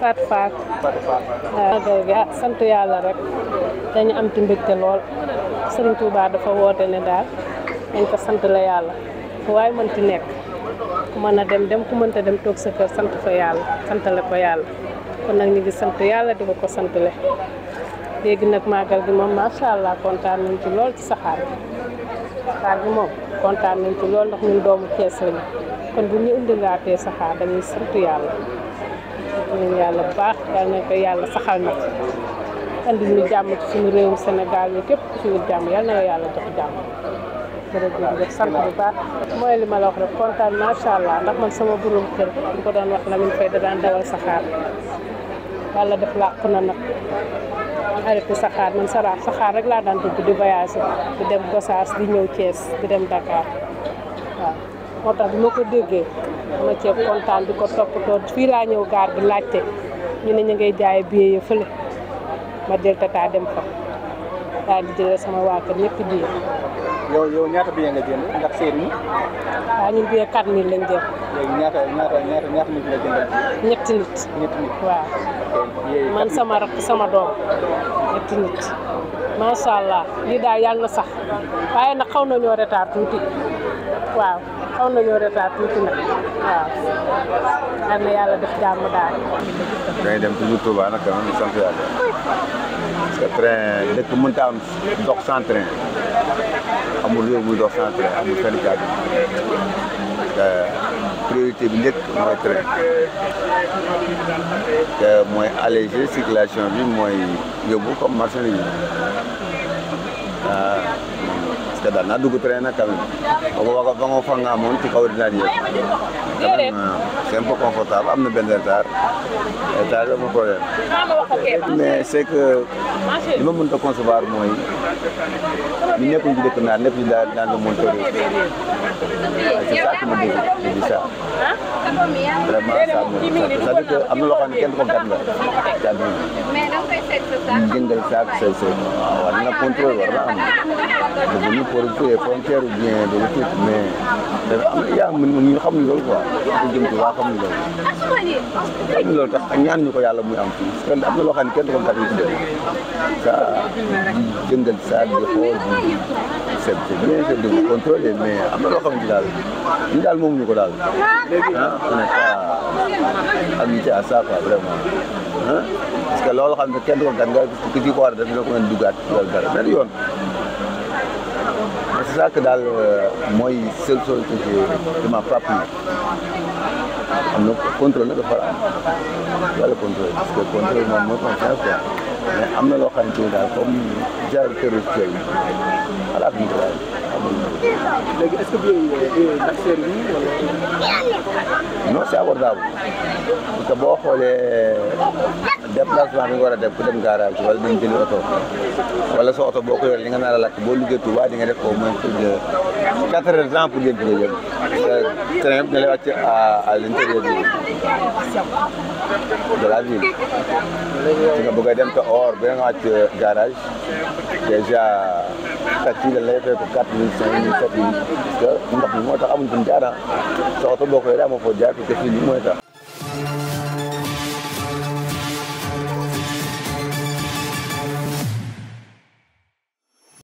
Fatou Faak waaw gi ah sant yàlla rek dañu am ci mbégte lool sëriñ Touba dafa woote ne daal dañ ko sant la yàlla waaye mën ti nekk ku mën a dem dem ku mënta dem toog sa kër sant fa yàlla santale ko yàlla kon nag ñu ngi sant yàlla di ko ko santale léegi nag màggal gi moom macha allah kontaan nañ ci lool ci saxaar bi saxaar bi moom kontaan nañ ci lool ndax ñun doomu Cees lañu kon bu ñu indilaatee saxaar dañuy sant yàlla ñun yàlla baax yàlla nañ ko yàlla saxal na andi ñu jàmm ci suñu réewum Sénégal yi képp ku jàmm yàlla na yàlla jox jàmm jërëjëf sant bu baax mooy li ma la wax rek kontaan macha allah ndax man sama borom kër bu ko doon wax la ñu fay da daan saxaar yàlla def làqu na nag arrêté saxaar man sara saxaar rek laa daan dugg di voyage di dem Gossas bi ñëw cees bi dem dakaar waaw moo tax bi ma ko déggee ma ceeb kontaan bi ko toppatoo fii laa ñëw gaar bi laajte ñu ne ñu ngay jaay billet yi fële ma jël tata dem fa daal di jëlee sama waa kër ñëpp billet. yow yow ñaata billet nga jënd ndax séeréer ñi. waaw ñun billet 4000 lañ jël. léegi ñaata ñetti nit. waaw. man sama rakk sama doom ñetti nit. macha allah lii daal yàlla sax waaye nag xaw nañoo retard tuuti waaw xaw nañoo retard tuuti nag. waaw lan la yàlla def jàmm daal. dangay dem toujours Touba nag ah sant yàlla parce que train dëkk mënut am dox sans train bi njëkk mooy train te mooy alléger circulation bi mooy yóbbu comme marchandise yi. Ah. te dal na dugg train nag quand même ogo waga fango moom ci xawri naan yëpp confortable am na benn retard retard amul problème mais c'est que li ma mënta concevoir mooy ñu nekkuñ ci dëkk naar nekkuñ daal dans le monde tourisme c'est ça qui me dégoûte ça vraiment ça me na loo xam ne devenu producteur et frontière ou bien de l'équipe mais dafa am na yaa ñu xam ni loolu quoi dafa jëm ci waa xam ni loolu. xam loolu tax ñaan ñu ko yàlla muy am fii parce que am na loo xam ne kenn du ko gàttal ci dëkk saa di jëngal saa di xool di de contrôler mais am na loo xam ne daal ñu daal moomuñu ko daal ah on est pas a à ça quoi vraiment ah parce que loolu xam ne kenn du ko gàttal ki ci ko war a def yoon. c'est ça que daal euh, mooy seule chose que je qui m'a pas plu am na contrôle nag dafa war a am wala contrôle parce que contrôle mais am na loo xamante ni daal comme jaar këru kër yi xalaat ñu ko daal léegi est-ce bi ndax seer bi wala. non c'est abordable parce que boo xoolee euh, déplacement bi nga war a def ku dem garage wala dem jëli oto wala sa oto boo ko yoree li nga nar a lakk boo liggéey Touba di nga def au moins plus de quatre heures de temps pour di nga jëm train bi nga lay wàcc à à l'intérieur de la ville su nga bëgg a dem te or ba nga wàcc garage déjà taxi la lay fay ko quatre mille cinq mille sept mille parce mi moo tax amuñ fu mu jaar ah. sa oto boo koy daa moo foo jaar parce fii nii mooy